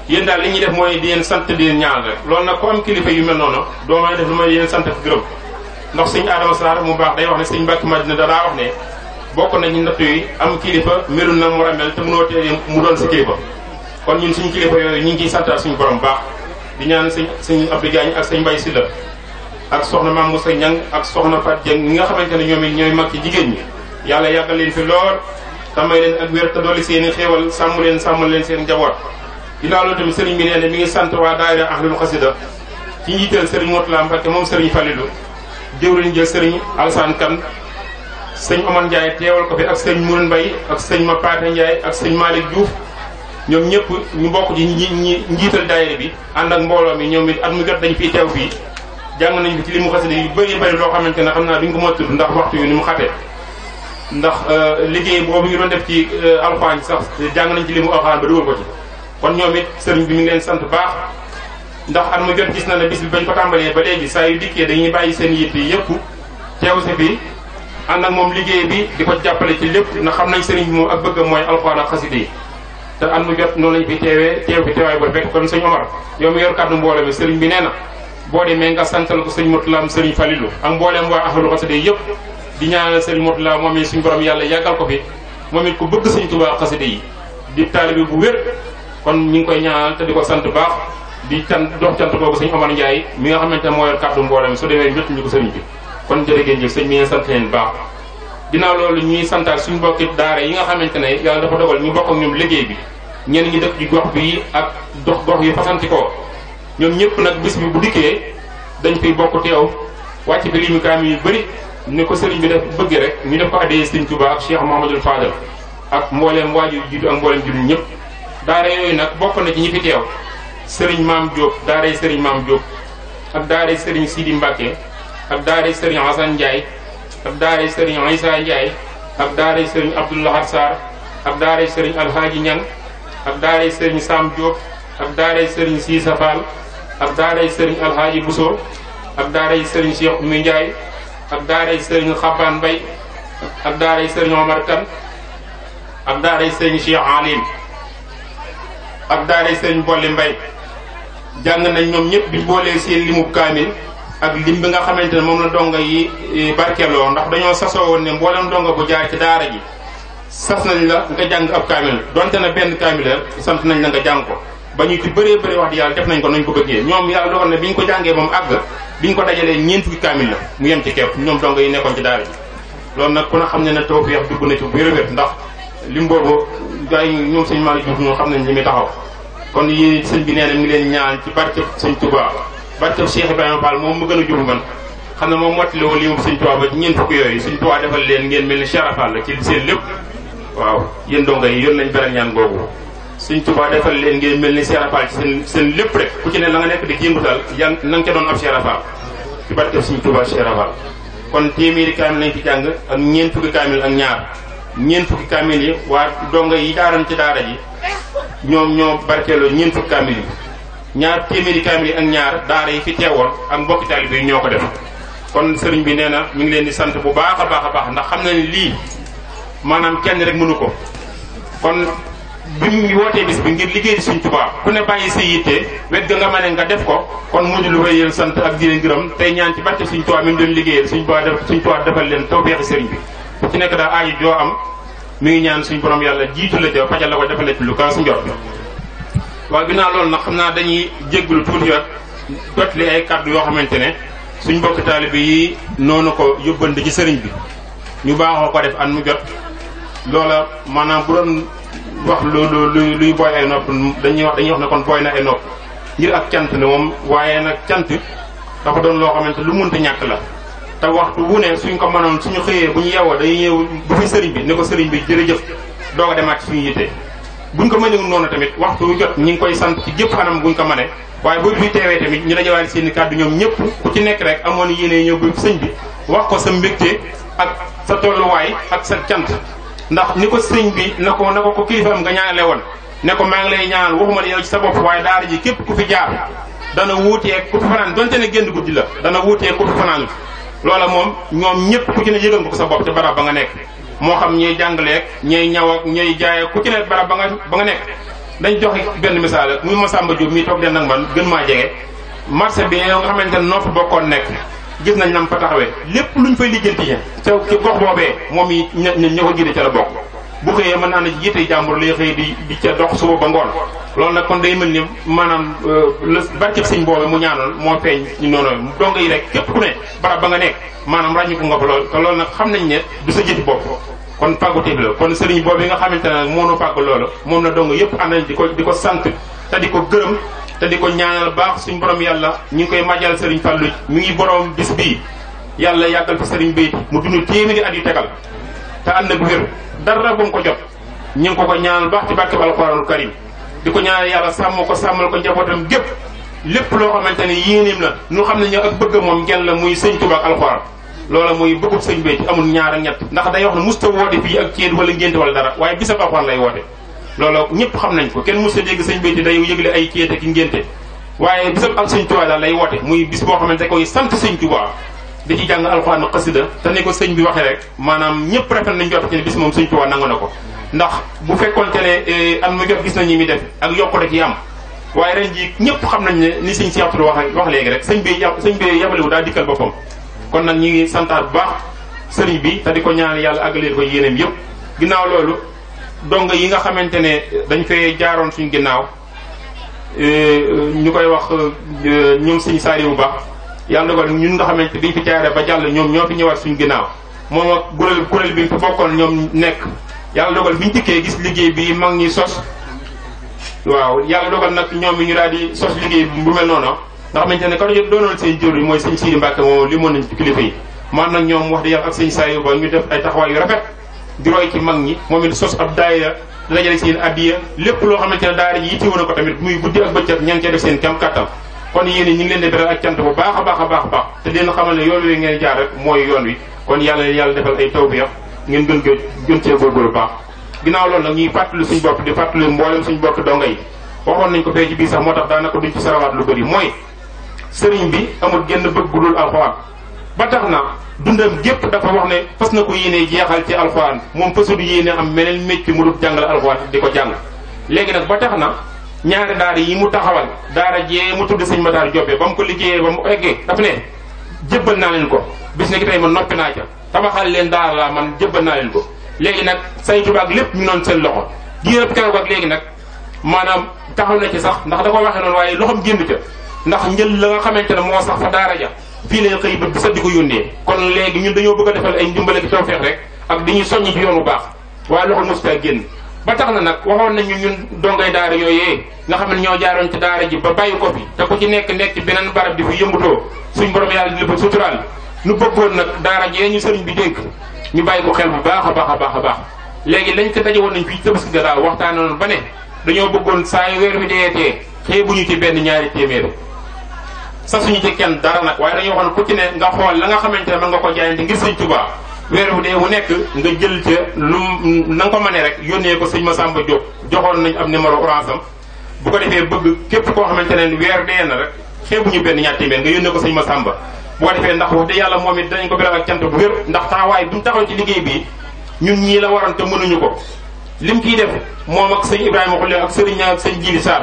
yéen daal li ñuy def mooy di ngeen sant di ngeen ñaan rek loolu na ku am kilifa yu mel noonu doo may def lu may yéen sant ak gërëm ndax sëñ Adama Sarr mu baax day wax ne sëñ Mbàkke Madina daraa wax ne bokk nañu natt yi am kilifa melul na mu war mu doon si kilifa kon suñu kilifa yooyu ñu ngi ciy santal suñu borom baax di ñaan sëñ sëñ Abdou Diagne ak sëñ Mbaye Sylla ak soxna Mame Moussa Niang ak soxna Fat Dieng ñi nga xamante ne ñoom it ñooy jigéen ñi yàlla yàggal leen fi lool tamay leen ak wér te dolli seen i sàmm leen sàmm leen seen njaboot ginnaaw loolu tamit sëriñ bi nee na mi ngi sant waa daayira ahlul xasida ci njiital sëriñ Mourtala Mbacké moom sëriñ Falilou jëwriñ jël sëriñ Alsaan Kan sëñ Omar Ndiaye teewal ko fi ak sëñ Mourine mbay ak sëñ Mapaate Ndiaye ak sëñ Malick Diouf ñoom ñëpp ñu bokk ci ñi njiital daayira bi ànd ak mbooloo mi ñoom it at mu jot dañu fiy teew fii jàng nañu fi ci li mu xasida yu bëri bëri loo xamante ne xam naa duñ ko mën ndax waxtu yu ni mu ndax euh, liggéey boobu ñu doon def ci euh, alxuraan sax jàng nañ ci li mu alxuraan ba dugal ko ci kon ñoom it sëriñ bi ñu leen sant baax ndax at mu jot gis na ne bis bi bañ ko tàmbalee léegi saa yu dañuy bàyyi seen yitt yi yëpp teew si fii ànd moom liggéey bi di ko jàppale ci lépp ndax xam nañ sëriñ moom ak bëggam mooy alxuraan ak xasida yi te at mu jot noonu lañ fi teewee teew fi teewaay ba fekk kon sëñ Omar yow mi yor kàddu mbooloo mi sëriñ bi nee na boo demee nga santal ko sëñ Murtalaam sëriñ Falilu ak mbooleem waa ahlu xasida yi yëpp di ñaanal sëriñ Mourtala moom it suñu borom yàlla yàggal ko fi moom it ku bëgg sëriñ Tuubaa xasida yi di taalibe bu wér kon ñu ngi koy ñaanal te di ko sant baax di cant dox cant boobu sëriñ Omar Ndiaye mi nga xamante ne moo yor kàddu mboolem su demee jot ñu ko sëriñ bi ñuy santaat suñu bokki daara yi nga xamante ne yàlla dafa dogal ñu bokk ak ñoom liggéey bi ñenn ñi dëkk ci gox bi ak dox gox yi ko ñoom ñëpp nag bis bi bu dikkee dañ fiy bokk teew wàcc fi li ñu kaam yu bëri ni ko sëriñ bi def bëgg rek ñu def ko addee sëriñ Tuubaa ak Cheikh Mouhamadul Fadal ak mbooleem waaju jiitu ak mbooleem jullit ñëpp daara yooyu nag bokk na ci ñi fi teew sëriñ maam Diop daaray sëriñ maam Diop ak daaray sëriñ Sidi Mbacke ak daaray sëriñ Assane Ndiaye ak daaray sëriñ Issa Ndiaye ak daaray sëriñ Abdoulaye Sarr ak daaray sëriñ Alhaji Niang ak daaray sëriñ Sam Diop ak daaray sëriñ Siisa Fall ak daaray sëriñ Alhaji Bousso ak sëriñ Cheikh Oumy ak daaray sëriñ Xabbaan Mbay ak daaray sëriñ Omar Kan ak yi sëriñ Cheikh Alim ak daaray sëriñ Bolli Mbay jàng nañ ñoom ñëpp bi boolee seen limub kaamil ak lim bi nga xamante ne moom la donga yi e, barkeeloo ndax dañoo sasoo woon ne mboolem donga bu jaar ci daara ji sas nañ la nga jàng ab kaamil donte na benn kaamil sant nañ la nga jàng ko ba ñu ci bëree bëri wax di yàlla def nañ ko nañ ko bëggee ñoom yàlla dogal ne bi ñu ko jàngee ba mu àgg bi ñu ko dajalee ñeent fukki kaamil la mu yem ci kepp ñoom dong yi nekkoon ci daara ji loolu nag ku ne xam na ci bu xam nañ li muy taxaw kon yi nee na mi leen ñaan ci barkeb sëñ Touba barkeb moom mu gën a jub man xam ne moom wattali woon li mu yooyu sëñ leen ngeen mel ni Cheikh Fall la ci seen lépp waaw yéen donga yi yoon lañ beral ñaan boobu suñ Tuubaa defal leen ngeen mel ni seerafaal ci seen lépp rek ku ci ne la nga nekk di jémb daal yan na nga ca doon ab seerafaal ci barkeb suñ Tuubaa seerafaal kon téeméeri kaamil lañ ci jàng ak ñeent fukki kaamil ak ñaar ñeent fukki kaamil yi waa donga yi daaran ci daara yi ñoom ñoo barkeeloo ñeent fukki kaamil yi ñaar téeméeri kaamil yi ak ñaar daara yi fi teewoon ak mbokki taalibe yi ñoo ko def kon sëriñ bi nee na mi ngi leen di sant bu baax a baax a baax ndax xam na ne lii maanaam kenn rek mënu ko bi mu wootee bis bi ngir liggéey suñ Tuubaa ku ne bàyyi sa yitte wet ga nga mën nga def ko kon mujj lu koy yël sant ak jërë ngërëm tey ñaan ci barke suñ Tuubaa mi mu doon liggéeyal Sëriñ Tuubaa def Sëriñ Tuubaa leen tawfeexi sëriñ bi ku ci nekk daa aaju joo am ngi ñaan suñu borom yàlla jiitu la ca fajal la ko defal la ci lu kaas njort waaye ginnaaw loolu nag xam naa dañuy jégglu tuuti wat jot li ay kàddu yoo xamante ne suñ bokk taalibe yi noonu ko yóbbandi ci sëriñ bi ñu baaxoo ko def an mu jot loola maanaam bu doon wax loolu luy luy booy ay nopp dañuy wax dañuy wax ne kon booy na ay nopp ngir ak cant ne moom waaye nag cant dafa doon loo xamante lu mënta ñàkk la te waxtu wu ne suñ ko mënoon suñu xëyee bu ñu yeewoo dañuy ñëw bu fi sëriñ bi ne ko sëriñ bi jërëjëf doog a demaat suñu yitte buñ ko mënewul noonu tamit waxtu jot ñi ngi koy sant ci jëpp anam buñ ko mënee waaye bu fi teewee tamit ñu dajawaale seen i kàddu ñoom ñëpp ku ci nekk rek amoon yéene ñëw bu sëñ bi wax ko sa mbégte ak sa tolluwaay ak sa cant ndax ni ko sëriñ bi na ko na ko ko kilifaam nga ñaanale woon ne ko maa ngi lay ñaanal waxuma la yow ci sa bopp waaye daara ji képp ku fi jaar dana wuutee ku fi fanaan donte ne génn guddi la dana wuutee ku fi fanaan loola moom ñoom ñëpp ku ci ne yëgal nga sa bopp te barab ba nga nekk moo xam ñuy jàngaleeg ñuy ñaw ak ñuy jaay ku ci barab ba nga ba nga nekk dañ joxe benn misaal muy Masamba Diop mii toog den nag man gën maa jege marché bi nga xamante ne noo fa bokkoon nekk gis nañ nam fa taxawee lépp luñ fay lijjanti ci ca ci gox boobee moom yi ña ko jiite ca la bokk bu xëyee mën naa ne jiite jàmbur lay di di ca dox suba ba ngoon loolu nag kon day mel ni maanaam euh, la barkeb sëñ boobee mu ñaanal moo feeñ noonu donga yi rek képp ku ne barab ba nga nekk maanaam ràññiku nga fa lool te loolu nag xam nañ ne du sa jëfi bopp kon fàggu tiif la kon sëriñ boobu nga xamante ne nag moo nu fàggu loolu moom na dong yëpp ànd nañ di di ko sant te di ko gërëm te di ko ñaanal baax suñ borom yàlla ñu ngi koy majal Serigne Fallou mi ngi borom bis bii yàlla yàggal fa Serigne Béyti mu dund téeméeri at yu tegal te ànd ak wér dara bu ko jot ñu ngi ko ko ñaanal baax ci bàkkeb alxuraanul karim di ko ñaanal yàlla sàmm ko sàmmal ko njabootam gépp lépp loo xamante ne yéenim la ñu xam ne ñu ak bëgg moom ngeen la muy sëñ Tuubaa ak alxuraan loola muy bëggub sëñ Béyti amul ñaar ak ñett ndax day wax ne musta woote fii ak wala ngénte wala dara waaye bisab alxuraan lay woote loolu ñëpp xam nañ ko kenn mos a dégg sëñ béyti day yëgle ay ceet ak ngénte waaye bisam ak sëñ Tuubaa la lay wote muy bis boo xamante ne koy sant sëñ Tuubaa di ci jàng alxuraan xasida te ne ko sëñ bi waxee rek maanaam ñëpp rafet nañ jot ci ne bis moom sëñ Tuubaa nangu na ko ndax bu fekkoon te ne eh, am mu jot gis nañu mi def ak yokkute ci am waaye ren jii ñëpp xam nañ ne ni sëñ si waxtu wax wax léegi rek sëñ bi sëñ bi yabalewu daa dikkal boppam kon nag ñu ngi santaat bu baax sëriñ bi te di ko ñaan yàlla àggaleel ko yéeneem yëpp ginnaaw loolu dong yi nga xamante ne dañ fee jaaroon suñ ginnaaw eh, ñu koy wax eh, ñoom suñu saari bu baax yàlla dogal ñun nga xamante biñ fi jaaree ba jàll ñoom ñoo fi ñëwaat suñ ginnaaw moom ak kuréel kuréel bi fi bokkoon ñoom nekk yàlla dogal biñ tikkee gis liggéey bi mag ñi sos waaw yàlla dogal nag ñoom bi ñu daal di sos liggéey bu mel noonu nga xamante ne kon yëpp doonoon seen jur yi mooy sëñ Sidi Mbacke moom limoon nañ ci kilifa yi man nag ñoom wax di yàlla ak sëñ ñu def ay taxawaay yu di roy ci mag ñi moom it sos ab daayira dajale seen addiya lépp loo xamante ne daara ji yittewoo na ko tamit muy guddi ak bëccëg ña ngi cee def seen kam kattan kon yéen ñi leen di beral ak cant bu baax a baax a baax a baax te leen xamal ne yoon wi ngeen jaar rek mooy yoon wi kon yàlla yàlla defal ay tawfeex ngeen gën gën gën cee góorgóorlu baax ginnaaw loolu nag ñuy fàttali suñ bopp di fàttali mboolem suñ bokk donga yi waxoon nañ ko fee ci biir sax mooy sëriñ bi amul genn ba tax na dundam gépp dafa wax ne fas na ko yéene jeexal ci alxuraan moom fasul yéene am meneen métti mu dul jàngale alxuraan di ko jàng léegi nag ba tax na ñaari daara yi mu taxawal daara jee mu tudd sëñ Mataar Jobbe ba mu ko liggéeyee ba mu eggee daf ne jëbbal naa leen ko bis ne ki tay man noppi naa ca tabaxal leen daara laa man jëbbal naa leen ko léegi nag saytu ba ak lépp ñu noonu seen loxo diirab keroog ak léegi nag maanaam taxaw na ci sax ndax da ko waxee noonu waaye loxoom génn ca ndax njël la nga xamante ne moo sax fa daara ja fii lañ xëy bët bu set di ko kon léegi ñun dañoo bëgg a defal ay ndimbal ak tawfeex rek ak di ñuy soññ bu baax waaye loxo mosut génn ba tax na nag waxoon nañ ñun ñun dongay daara yooyee nga xam ne ñoo jaaroon ci daara ji ba bàyyi ko fi te ku ci nekk nekk ci beneen barab di fi yëmbutoo suñ borom yàlla di la bëggoon nag daara ji ñu sëriñ bi dénk ñu bàyyi ko xel bu baax a baax a baax a baax léegi lañ ko dajewoon nañ fii tëbaski ga daaw noonu ba ne dañoo bëggoon saa yu weer wi deetee xëy bu ñu ci benn ñaari téeméer suñu ci kenn dara nag waaye dañuy waxoon ku ci ne nga xool la nga xamante ne mën nga ko jaayante ngir sëñ Tuubaa weer bu dee wu nekk nga jël ca lu na nga ko mënee rek yónnee ko sëñ Masamba Diop joxoon nañ am numéro orange am bu ko defee bëgg képp koo xamante ne weer dee na rek ñu benn ñaar téeméer nga yónnee ko sëñ ma bu ko defee ndax wax yàlla moom it danañ ko beral ak cant bu wér ndax taxawaay bu mu taxaw ci liggéey bi ñun ñii la waroon te mënuñu ko lim kiy def moom ak sëñ Ibrahima Xule ak sëriñ ak sëñ Jili Saar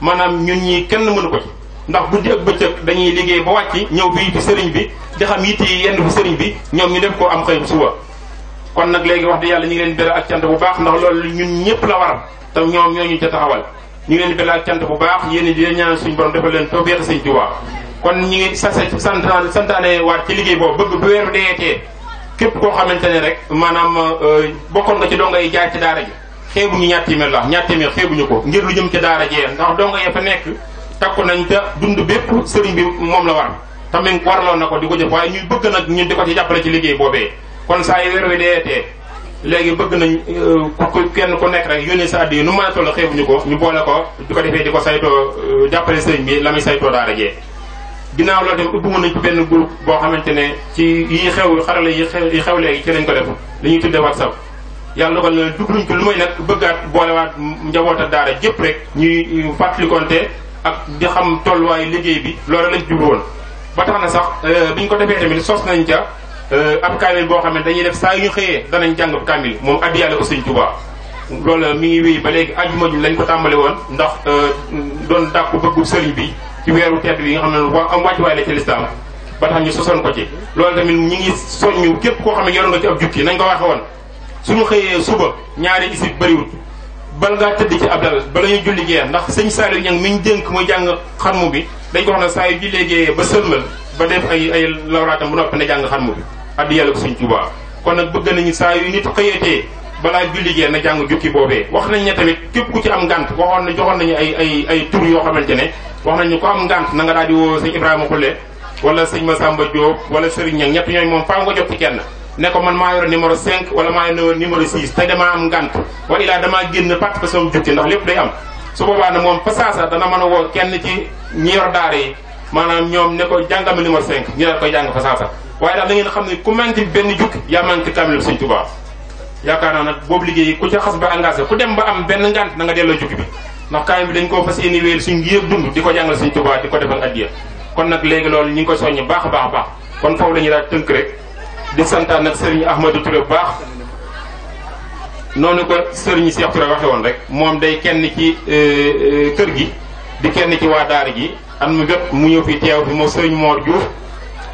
maanaam ñun ñii kenn mënu ko ndax bu guddi ak bëccëg dañuy liggéey ba wàcc ñëw fii fi sëriñ bi di xam yitte yi yenn fi sëriñ bi ñoom ñu def ko am xëy suba kon nag léegi wax di yàlla ñu ngi leen beral ak cant bu baax ndax loolu ñun ñëpp la waral te ñoom ñoo ñu ca ñu leen beral ak cant bu baax yéen di leen ñaan suñu borom defal kon ñu ngi sase santaan santaane waat ci liggéey boobu bëgg bu weeru deetee képp koo xamante ne rek maanaam euh, bokkoon nga ci doo ngay jaay ci daara ji xeebuñu ñaar téeméer la ñaar téeméer ñu ko ngir lu jëm ci daara jee ndax doo takku nañ te dund bépp sëriñ bi moom la war te mi waraloon na ko di ko jëf waaye ñuy bëgg nag ñun di ko ci jàppale ci liggéey boobee kon saa yi weer wi deetee léegi bëgg nañ euh, ku kenn ku nekk rek yónnee sa addi nu mën a toll xeebuñu ko ñu boole ko di ko defee di ko saytoo euh, jàppale sëriñ bi la muy saytoo daara jee ginnaaw loolu tamit ubbi nañ ci benn groupe boo xamante ne ci yi xew xarala yi xew léegi ci lañ ko def li ñuy tuddee whatsapp yàlla ko ne dugluñ ko lu may nag bëggaat boolewaat njaboot ak daara jëpp rek ñuy fàttalikoonte ak di xam tolluwaayu liggéey bi loolu lañ jublu woon ba tax na sax euh, biñ ko defee tamit sos nañ ca euh, ab kaamil boo xam ne dañuy def saa yu ñu xëyee danañ jàng kaamil moom addiyaale ko sëñ Tuubaa loolu mi ngi wéy ba léegi ajuma ju lañ ko tàmbali woon ndax euh, doon dàkku bëggu sëriñ bi ci weeru tedd bi nga xam ne wa am wàccuwaay la ci lislaam ba tax ñu sosoon ko ci loolu tamit ñi ngi soññu képp koo xam ne yoroon nga ci ab jukki nañ ko waxe woon suñu xëyee suba bal ngaa tëdd ci ab dal bala ñuy julli gee ndax sëñ Saliou ñang mi ñu dénk muy jàng xarmu bi dañ ko wax ne saa yu jullee gee ba sëlmal ba def ay ay lawraatam bu noppi na jàng xarmu bi addi yàlla ko sëñ Tuubaa kon nag bëgg nañu saa yu nit xëyatee balaa julli gee na jàng jukki boobee wax nañ ne tamit képp ku ci am ngànt waxoon na joxoon nañu ay ay ay tur yoo xamante ne wax nañu ko am ngànt na nga daal di woo sëñ Ibrahima sañ wala sëñ Masamba Diop wala Serigne Niang ñett ñooñu moom faa nga jot ci kenn ne ko man maa yor numéro 5 wala maa yor numéro 6 te damaa am ngant wa damaa génn parti sama jukki ndax lépp day am su boobaa ne moom pasaasa dana mën a woo kenn ci ñi yor daara yi maanaam ñoom ne ko jàngama numéro 5 ñu daal koy jàng pasaasa waaye daal xam ne ku benn jukki yaa manqué kaamilu Sëñ Tuubaa yaakaar naa nag boobu liggéey ku ca xas ba engagé ku dem ba am benn ngant na nga delloo jukki bi ndax kaamil bi dañ koo fas yéene wéyal suñ yëpp dund di ko jàng Sëñ Tuubaa di ko defal addiya kon nag léegi loolu ñi ngi koy soññ baax a baax a kon foofu la ñuy daal tënk rek di santaan nag sëriñ Ahmadou Touré baax noonu ko sëriñ Cheikh Touré waxe woon rek moom day kenn ci euh, euh, kër gi di kenn ci waa daara ji am mu gëpp mu ñëw fi teew fi moom sëriñ Mor Diouf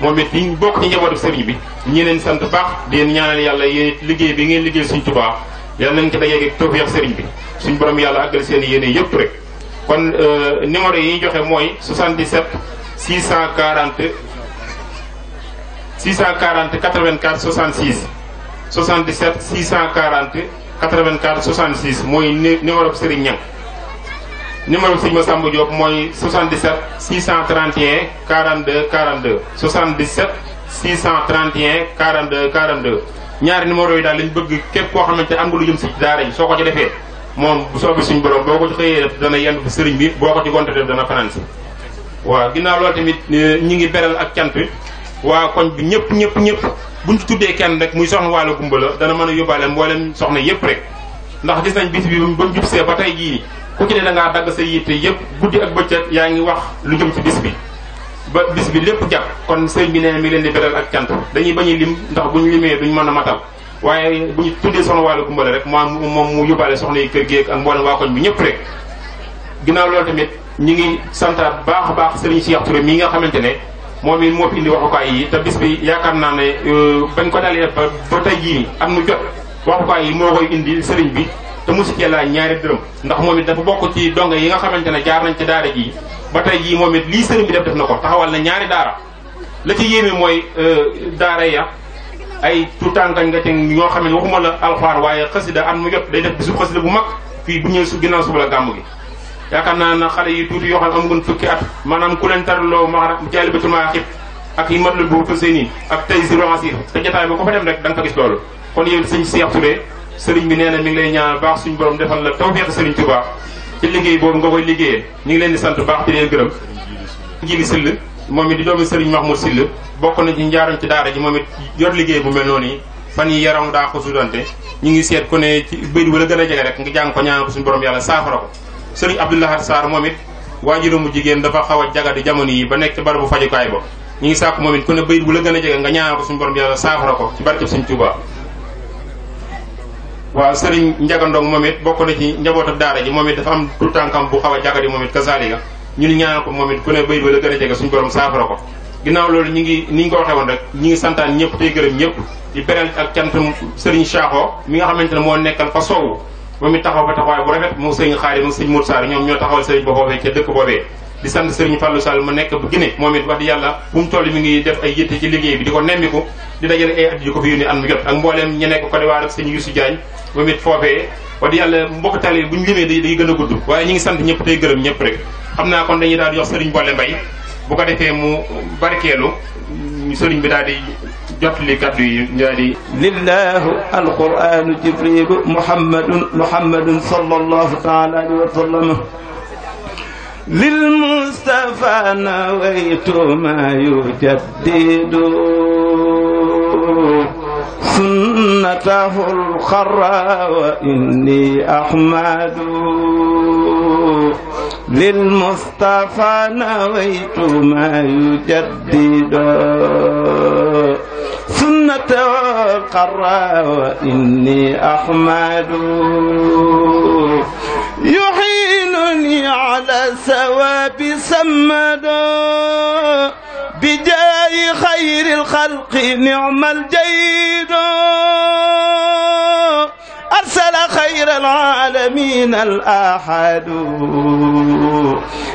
moom it ñu bokk ci njabootu sëriñ bi ñi leen sant baax di leen yàlla yéen liggéey bi ngeen liggéey suñ Tuubaa yàlla nañ ci day ak tawfeex sëriñ bi suñ borom yàlla àggal seen yéene yëpp rek kon euh, numéro yi joxe mooy 77 640 640 84 66 77 640 84 66 mooy numéro bi Serigne Niang numéro bi Serigne Massamba Diop mooy 77 631 42 42 77 631 42 42 ñaari numéro yi daal lañ bëgg képp koo xamante ne am nga lu jëm si daara yi soo ko ci defee moom bu soobee suñu borom boo ko ci xëyee def dana yendu sëriñ bi boo ko ci gonte def dana fanaan si waaw ginnaaw loolu tamit eh, ñi ngi beral waa koñ bi ñëpp ñëpp ñëpp buñ ci tuddee kenn rek muy soxna waalo gumba la dana mën a yóbbaale mboolem soxna yëpp rek ndax gis nañ bis bi ba mu jubsee ba tey jii ku ci ne ngaa dagg sa yitte yëpp guddi ak bëccëg yaa ngi wax lu jëm ci bis bi ba bis bi lépp jàpp kon sëñ bi nee mi leen di beral ak cant dañuy bañ a lim ndax ñu limee duñ mën a matal waaye bu ñu tuddee soxna waalo gumba rek moom moom mu yóbbaale soxna yi kër géeg ak mboolem waa koñ bi ñëpp rek ginnaaw loolu tamit ñi ngi santaat baax a baax sëriñ Cheikh Touré mii nga xamante ne moom it moo fi indi waxukaay yi te bis bi yaakaar naa ne euh, bañ ko dalee ba ba tey jii am nu jot waxukaay yi moo koy indi sëriñ bi te mu si laa ñaari dërëm ndax moom it dafa bokk ci donge yi nga xamante ne jaar nañ ci daara ji ba tey jii moom it lii sëriñ bi def def na ko taxawal na ñaari daara la ci yéeme mooy euh, daara ya ay tuutànkañ nga te ñoo xam ne waxuma la alxuraan waaye xasida am mu jot day def bisu xasida bu mag fii bu ñëwee su ginnaaw suba gàmm gi yaakaar naa na xale yi tuuti yoo xam ne amaguñ fukki at maanaam ku leen tarloo maanaam jaalibatul maraaqib ak yi matlul bu fë seen ak tey si roancir te ko fa rek da nga fa gis loolu kon nee na mi ngi lay ñaanal baax suñu borom defal la tawfeex sëriñ Touba boobu nga koy liggéeyee ñu ngi leen di sant baax di leen gërëm jili sill moom it di doomi sëriñ Mahmoud sill bokk nañ ci njaaram ci daara ji moom it yor liggéey bu mel noonu fan yi yaram daa ko sudante ñu ngi seet ko ne ci bëy wala gën a jege rek nga jàng ko ñaanal ko borom yàlla saafara ko sëriñ Abdoulahar Sarr moom it mu jigéen dafa xaw a jagadi jamono yi ba nekk ci barabu fajukaay ba ñu ngi sàkku moom it ku ne bayit bu gën a jege nga ñaanal ko suñu borom yàlla saafara ko ci barkeb sëñ Tuubaa waaw moom it bokk na ci njabootam daara ji moom it dafa am tout tànkam bu xaw a jagadi moom it kasaalika ñun ñaanal ko moom it ku ne bayit bu la gën ginnaaw loolu ñu ngi ni ñu ko waxee ñu ngi santaan ñëpp tey gërëm ñëpp di beral ak cant sëriñ Saaxo mi nga xamante ne moo nekkal fa soowu ba mu taxaw ba taxawaay bu rafet moom sëriñ xaadim sëriñ Modou Sall ñoom ñoo taxawal sëriñ ba foofee ca dëkk boobee di sant sëriñ Fallou Sall mu nekk bu Guinée moom it wax di yàlla bu mu toll mi ngi def ay yitte ci liggéey bi di ko nemmiku di dajale ay at di ko fi yónni am mu jot ak mbooleem ñu nekk Côte ak sëriñ Youssou Diagne moom it foofee wax di yàlla mbokk tali bu ñu limee day gën a gudd waaye ñi ngi sant ñëpp tey gërëm ñëpp rek xam bi daal di jot li kaddu yi njaari lillahu alquranu jibrilu muhammadun muhammadun sallallahu taala alayhi wa sallam للمصطفى نويت ما يجدد سنته الخرى وإني أحمد للمصطفى نويت ما يجدد قرى وإني أحمد يحيلني على الثواب سمد بجاه خير الخلق نعم الجيد أرسل خير العالمين الآحد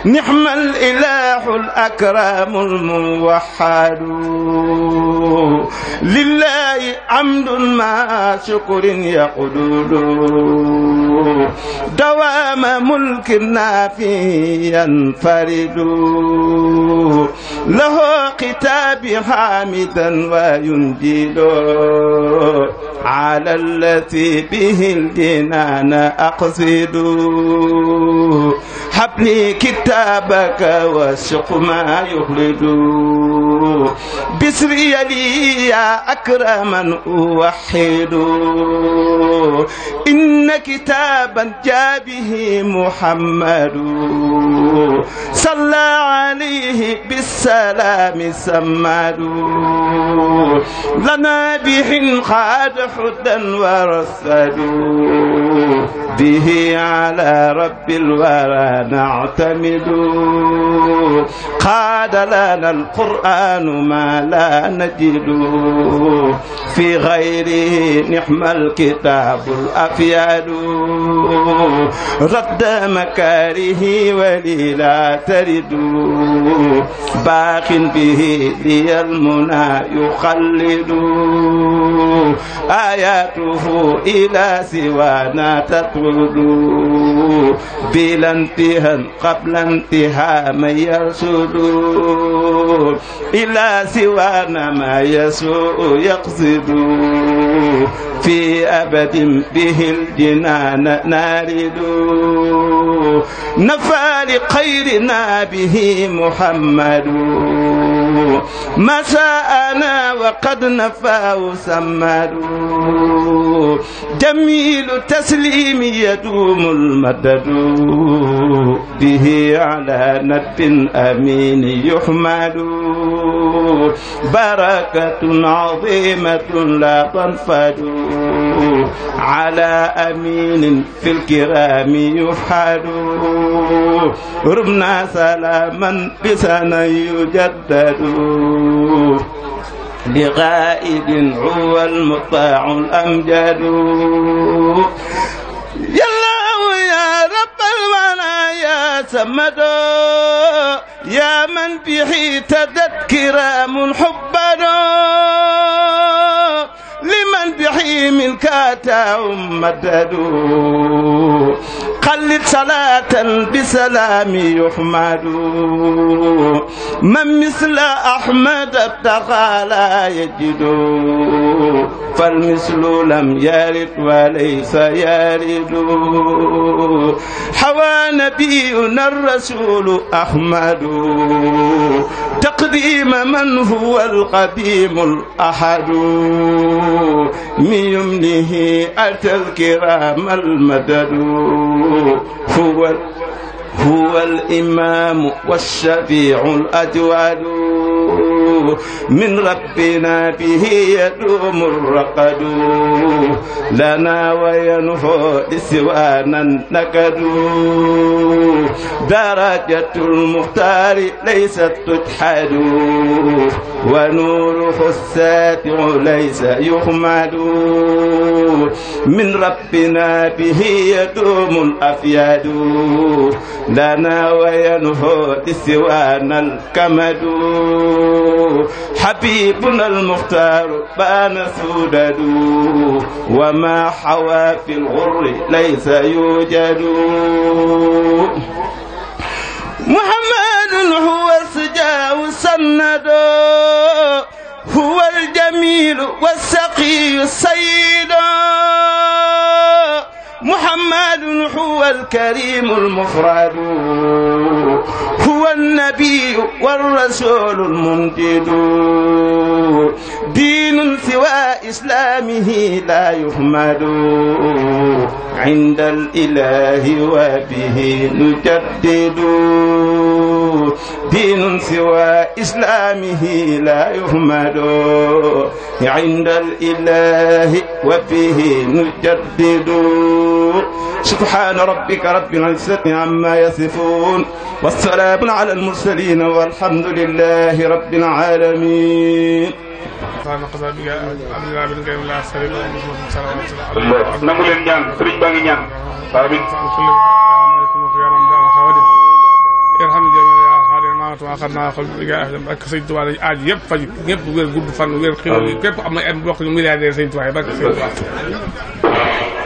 نعم الإله الأكرم الموحد لله عمد مع شكر يقدر دوام ملك نافيا فرد له كتاب حامدا وينجد على التي به الامتنان أقصد حبلي كتابك والشق ما يخلد بسري لي يا أكرما أوحد إن كتابا جاء به محمد صلى عليه بالسلام سمد لنا به خاد حدا ورصدوا به على رب الورى نعتمد قاد لنا القرآن ما لا نجد في غيره نعم الكتاب الأفياد رد مكاره ولي لا ترد باق به لي المنى يخلد آياته إلى سوانا تطرد بلا انتهاء قبل انتهاء من يرشد إلى سوانا ما يسوء يقصد في أبد به الجنان نارد نفى لخيرنا به محمد مساءنا وقد نفاه سماد جميل تسليم يدوم المدد به على ندب أمين يحمد بركة عظيمة لا تنفد على أمين في الكرام يفحد ربنا سلاما بسنة يجدد لغائب هو المطاع الأمجد يا الله يا رب الولا يا سمد يا من به تدت كرام حبد لمن به منك تأمدد خلد صلاة بسلام يحمد من مثل أحمد ابتغى لا يجد فالمثل لم يرد وليس يرد حوى نبينا الرسول أحمد تقديم من هو القديم الأحد من يمنه أتى الكرام المدد هو هو الإمام والشفيع الأجواد من ربنا به يدوم الرقد لنا وينفو لسوانا نكد درجة المختار ليست تجحد ونوره الساتع ليس يخمد من ربنا به يدوم الأفياد لنا وينفو لسوانا الكمد حبيبنا المختار بان سودد وما حوى في الغر ليس يوجد محمد هو السجاء سند هو الجميل والسقي السيد محمد هو الكريم المفرد والنبي والرسول المنجد دين سوى إسلامه لا يحمد عند الإله وبه نجدد دين سوى إسلامه لا يحمد عند الإله وبه نجدد سبحان ربك رب العزة عما يصفون والسلام على المرسلين والحمد لله رب العالمين nangu leen ñaan sëriñ baa ngi ñaan amin xanaa xool bi nga xam ak sëñ Tuubaa lañu aaj yëpp faju ñëpp wér gudd fan wér xéwal képp am na ay mbokk yu milliardaire sëñ Tuubaa yi barke sëñ Tuubaa